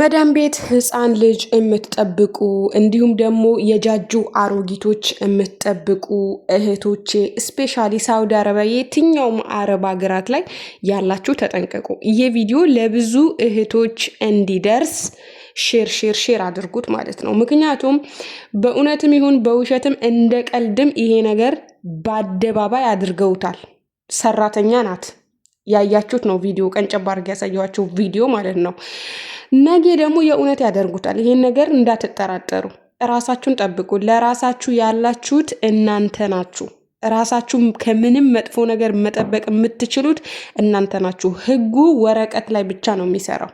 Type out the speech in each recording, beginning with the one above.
መዳም ቤት ህፃን ልጅ የምትጠብቁ እንዲሁም ደግሞ የጃጁ አሮጊቶች የምትጠብቁ እህቶቼ ስፔሻሊ ሳውዲ አረቢያ የትኛውም አረብ ሀገራት ላይ ያላችሁ ተጠንቀቁ። ይሄ ቪዲዮ ለብዙ እህቶች እንዲደርስ ሼር ሼር ሼር አድርጉት ማለት ነው። ምክንያቱም በእውነትም ይሁን በውሸትም እንደ ቀልድም ይሄ ነገር በአደባባይ አድርገውታል። ሰራተኛ ናት ያያችሁት ነው ቪዲዮ ቀንጨባ አድርጌ ያሳየኋቸው ቪዲዮ ማለት ነው። ነገ ደግሞ የእውነት ያደርጉታል። ይሄን ነገር እንዳትጠራጠሩ። ራሳችሁን ጠብቁ። ለራሳችሁ ያላችሁት እናንተ ናችሁ። ራሳችሁ ከምንም መጥፎ ነገር መጠበቅ የምትችሉት እናንተ ናችሁ። ህጉ ወረቀት ላይ ብቻ ነው የሚሰራው።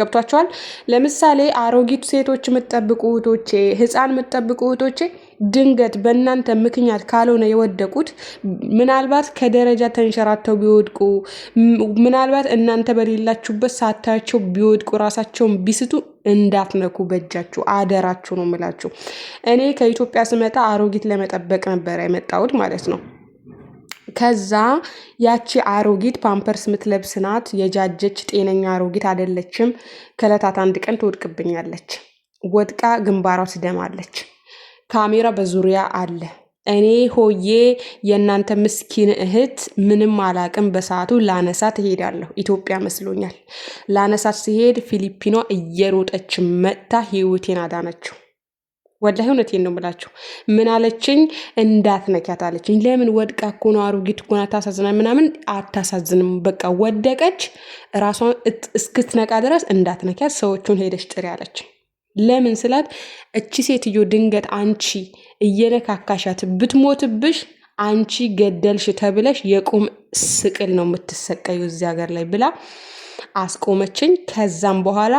ገብቷችኋል? ለምሳሌ አሮጊት ሴቶች የምትጠብቁ እህቶቼ፣ ህፃን የምትጠብቁ እህቶቼ ድንገት በእናንተ ምክንያት ካልሆነ የወደቁት ምናልባት ከደረጃ ተንሸራተው ቢወድቁ ምናልባት እናንተ በሌላችሁበት ሳታያቸው ቢወድቁ ራሳቸውን ቢስቱ እንዳትነኩ በእጃችሁ አደራችሁ ነው የምላችሁ። እኔ ከኢትዮጵያ ስመጣ አሮጊት ለመጠበቅ ነበር የመጣሁት ማለት ነው። ከዛ ያቺ አሮጊት ፓምፐርስ ምትለብስ ናት። የጃጀች ጤነኛ አሮጊት አይደለችም። ከእለታት አንድ ቀን ትወድቅብኛለች። ወድቃ ግንባሯ ትደማለች። ካሜራ በዙሪያ አለ። እኔ ሆዬ የእናንተ ምስኪን እህት ምንም አላቅም። በሰዓቱ ላነሳት እሄዳለሁ። ኢትዮጵያ መስሎኛል። ላነሳት ሲሄድ ፊሊፒኗ እየሮጠች መጥታ ህይወቴን አዳነችው። ወላሂ እውነቴን ነው የምላችሁ። ምን አለችኝ? እንዳትነኪያት አለችኝ። ለምን? ወድቃ እኮ ነው አሮጊት እኮ ናት፣ ታሳዝናል ምናምን። አታሳዝንም። በቃ ወደቀች። ራሷን እስክትነቃ ድረስ እንዳትነኪያት፣ ሰዎቹን ሄደች ጥሪ አለችኝ። ለምን ስላት እቺ ሴትዮ ድንገት አንቺ እየነካካሻት ብትሞትብሽ አንቺ ገደልሽ ተብለሽ የቁም ስቅል ነው የምትሰቀዩ እዚህ ሀገር ላይ ብላ አስቆመችኝ። ከዛም በኋላ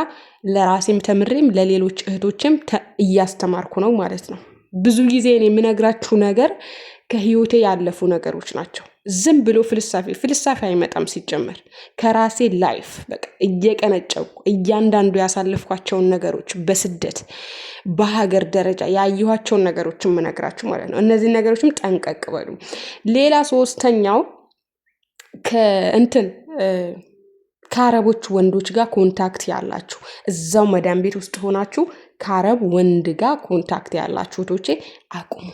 ለራሴም ተምሬም ለሌሎች እህቶችም እያስተማርኩ ነው ማለት ነው። ብዙ ጊዜ እኔ የምነግራችሁ ነገር ከህይወቴ ያለፉ ነገሮች ናቸው። ዝም ብሎ ፍልሳፌ ፍልሳፊ አይመጣም። ሲጀመር ከራሴ ላይፍ በቃ እየቀነጨብኩ እያንዳንዱ ያሳለፍኳቸውን ነገሮች በስደት በሀገር ደረጃ ያየኋቸውን ነገሮች የምነግራችሁ ማለት ነው። እነዚህ ነገሮችም ጠንቀቅ በሉ። ሌላ ሶስተኛው ከእንትን ከአረቦች ወንዶች ጋር ኮንታክት ያላችሁ እዛው መዳን ቤት ውስጥ ሆናችሁ ከአረብ ወንድ ጋር ኮንታክት ያላችሁ ቶቼ አቁሙ።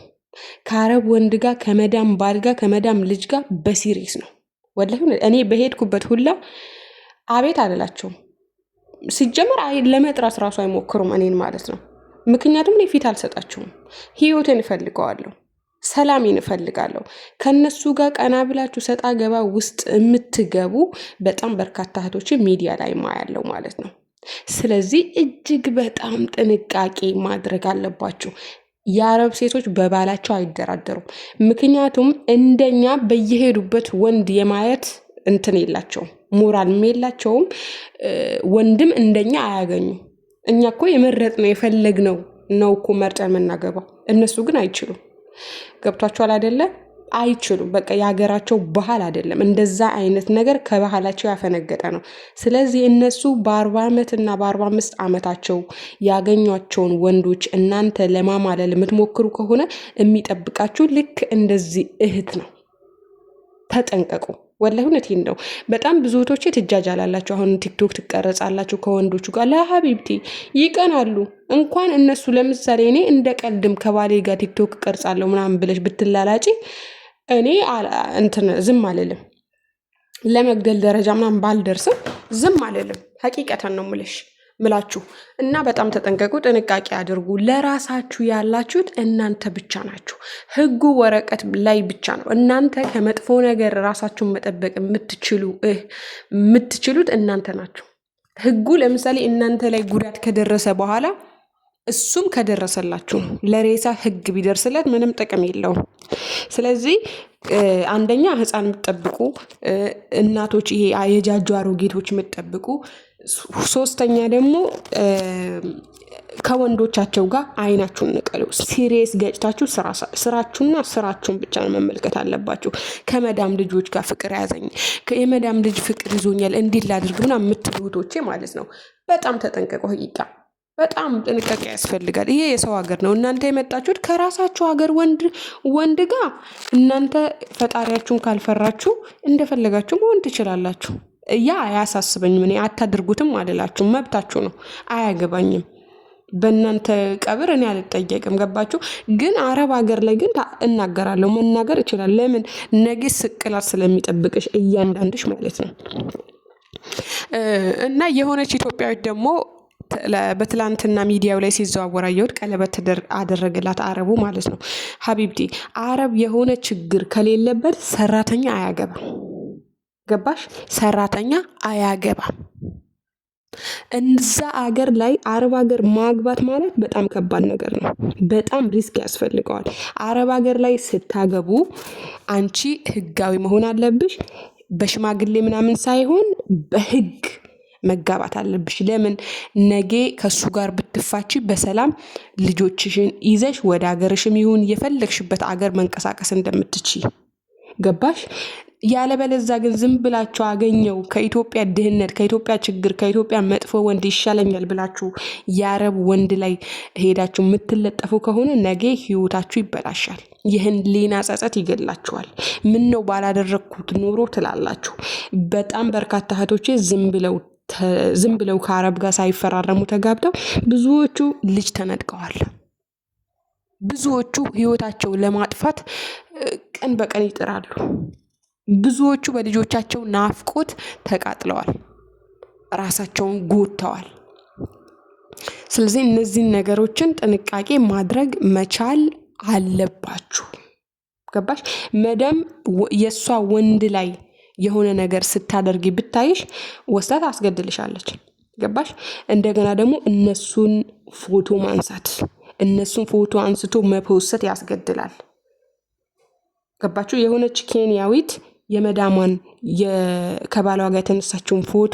ከአረብ ወንድ ጋር ከመዳም ባል ጋር ከመዳም ልጅ ጋር በሲሪስ ነው። ወላሂ እኔ በሄድኩበት ሁላ አቤት አልላቸውም። ሲጀመር ለመጥራት ራሱ አይሞክሩም እኔን ማለት ነው። ምክንያቱም እኔ ፊት አልሰጣቸውም። ህይወቴን እፈልገዋለሁ፣ ሰላሜን እፈልጋለሁ። ከእነሱ ጋር ቀና ብላችሁ ሰጣ ገባ ውስጥ የምትገቡ በጣም በርካታ እህቶች ሚዲያ ላይ ማያለው ማለት ነው። ስለዚህ እጅግ በጣም ጥንቃቄ ማድረግ አለባችሁ። የአረብ ሴቶች በባላቸው አይደራደሩም። ምክንያቱም እንደኛ በየሄዱበት ወንድ የማየት እንትን የላቸውም፣ ሞራልም የላቸውም። ወንድም እንደኛ አያገኙ። እኛ እኮ የመረጥነው የፈለግነው ነው እኮ መርጠን የምናገባው። እነሱ ግን አይችሉም። ገብቷችኋል አይደለም? አይችሉም። በቃ የሀገራቸው ባህል አይደለም። እንደዛ አይነት ነገር ከባህላቸው ያፈነገጠ ነው። ስለዚህ እነሱ በአርባ ዓመት እና በአርባ አምስት ዓመታቸው ያገኟቸውን ወንዶች እናንተ ለማማለል የምትሞክሩ ከሆነ የሚጠብቃችሁ ልክ እንደዚህ እህት ነው። ተጠንቀቁ። ወላሂ እውነቴን ነው። በጣም ብዙ እህቶቼ ትጃጃላላችሁ። አሁን ቲክቶክ ትቀረጻላችሁ ከወንዶቹ ጋር ለሀቢብቲ ይቀናሉ። እንኳን እነሱ ለምሳሌ እኔ እንደ ቀልድም ከባሌ ጋር ቲክቶክ እቀርጻለሁ ምናምን ብለሽ ብትላላጪ እኔ እንትን ዝም አልልም። ለመግደል ደረጃ ምናምን ባልደርስም ዝም አልልም። ሀቂቀተን ነው ምልሽ ምላችሁ እና በጣም ተጠንቀቁ፣ ጥንቃቄ አድርጉ። ለራሳችሁ ያላችሁት እናንተ ብቻ ናችሁ። ህጉ ወረቀት ላይ ብቻ ነው። እናንተ ከመጥፎ ነገር ራሳችሁን መጠበቅ የምትችሉት እናንተ ናችሁ። ህጉ ለምሳሌ እናንተ ላይ ጉዳት ከደረሰ በኋላ እሱም ከደረሰላችሁ ለሬሳ ህግ ቢደርስለት ምንም ጥቅም የለውም። ስለዚህ አንደኛ ህፃን የምትጠብቁ እናቶች፣ ይሄ የጃጁ አሮጌቶች የምትጠብቁ፣ ሶስተኛ ደግሞ ከወንዶቻቸው ጋር አይናችሁን ንቀሉ። ሲሪየስ ገጭታችሁ ስራችሁና ስራችሁን ብቻ መመልከት አለባችሁ። ከመዳም ልጆች ጋር ፍቅር ያዘኝ፣ የመዳም ልጅ ፍቅር ይዞኛል፣ እንዲላድርግ ላድርግ ምናምን የምትሉ ማለት ነው በጣም ተጠንቀቁ። በጣም ጥንቃቄ ያስፈልጋል። ይሄ የሰው ሀገር ነው። እናንተ የመጣችሁት ከራሳችሁ ሀገር ወንድ ወንድ ጋር እናንተ ፈጣሪያችሁን ካልፈራችሁ እንደፈለጋችሁ መሆን ትችላላችሁ። ያ አያሳስበኝም። እኔ አታድርጉትም አልላችሁም። መብታችሁ ነው፣ አያገባኝም። በእናንተ ቀብር እኔ አልጠየቅም። ገባችሁ? ግን አረብ ሀገር ላይ ግን እናገራለሁ፣ መናገር ይችላል። ለምን ነገ ስቅላት ስለሚጠብቅሽ እያንዳንድሽ ማለት ነው። እና የሆነች ኢትዮጵያዊት ደግሞ በትላንትና ሚዲያው ላይ ሲዘዋወራ የወድ ቀለበት አደረገላት አረቡ ማለት ነው። ሀቢብቲ አረብ የሆነ ችግር ከሌለበት ሰራተኛ አያገባም። ገባሽ? ሰራተኛ አያገባም። እንዛ አገር ላይ አረብ ሀገር ማግባት ማለት በጣም ከባድ ነገር ነው። በጣም ሪስክ ያስፈልገዋል። አረብ ሀገር ላይ ስታገቡ አንቺ ህጋዊ መሆን አለብሽ። በሽማግሌ ምናምን ሳይሆን በህግ መጋባት አለብሽ። ለምን ነጌ ከሱ ጋር ብትፋቺ በሰላም ልጆችሽን ይዘሽ ወደ ሀገርሽም ይሁን የፈለግሽበት አገር መንቀሳቀስ እንደምትች ገባሽ? ያለበለዛ ግን ዝም ብላችሁ አገኘው ከኢትዮጵያ ድህነት፣ ከኢትዮጵያ ችግር፣ ከኢትዮጵያ መጥፎ ወንድ ይሻለኛል ብላችሁ የአረብ ወንድ ላይ ሄዳችሁ የምትለጠፉ ከሆነ ነገ ህይወታችሁ ይበላሻል። ይህን ሌና ጸጸት ይገላችኋል። ምን ነው ባላደረግኩት ኑሮ ትላላችሁ። በጣም በርካታ እህቶቼ ዝም ብለው ዝም ብለው ከአረብ ጋር ሳይፈራረሙ ተጋብተው ብዙዎቹ ልጅ ተነጥቀዋል። ብዙዎቹ ህይወታቸው ለማጥፋት ቀን በቀን ይጥራሉ። ብዙዎቹ በልጆቻቸው ናፍቆት ተቃጥለዋል፣ ራሳቸውን ጎድተዋል። ስለዚህ እነዚህን ነገሮችን ጥንቃቄ ማድረግ መቻል አለባችሁ። ገባሽ? መደም የእሷ ወንድ ላይ የሆነ ነገር ስታደርጊ ብታይሽ ወስዳት አስገድልሻለች። ገባሽ? እንደገና ደግሞ እነሱን ፎቶ ማንሳት እነሱን ፎቶ አንስቶ መፖሰት ያስገድላል። ገባችሁ? የሆነች ኬንያዊት የመዳሟን ከባሏ ጋር የተነሳችውን ፎቶ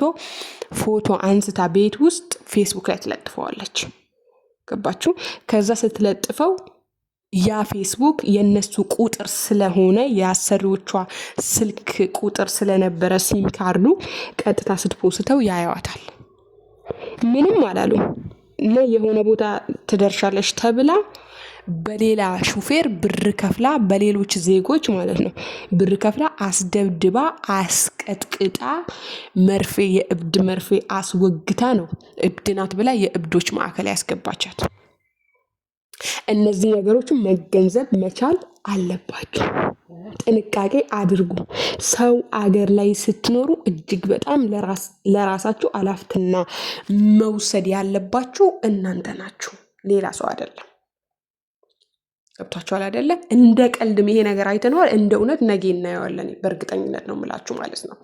ፎቶ አንስታ ቤት ውስጥ ፌስቡክ ላይ ትለጥፈዋለች። ገባችሁ? ከዛ ስትለጥፈው ያ ፌስቡክ የእነሱ ቁጥር ስለሆነ የአሰሪዎቿ ስልክ ቁጥር ስለነበረ ሲም ካርዱ ቀጥታ ስትፖስተው ያየዋታል። ምንም አላሉ ነ የሆነ ቦታ ትደርሻለች ተብላ በሌላ ሹፌር ብር ከፍላ በሌሎች ዜጎች ማለት ነው ብር ከፍላ አስደብድባ አስቀጥቅጣ መርፌ የእብድ መርፌ አስወግታ ነው እብድናት ብላ የእብዶች ማዕከል ያስገባቻት። እነዚህ ነገሮችን መገንዘብ መቻል አለባቸው። ጥንቃቄ አድርጉ። ሰው አገር ላይ ስትኖሩ እጅግ በጣም ለራሳችሁ አላፍትና መውሰድ ያለባችሁ እናንተ ናችሁ፣ ሌላ ሰው አይደለም። ገብቷችኋል አይደለ? እንደ ቀልድም ይሄ ነገር አይተነዋል፣ እንደ እውነት ነገ እናየዋለን። በእርግጠኝነት ነው የምላችሁ ማለት ነው።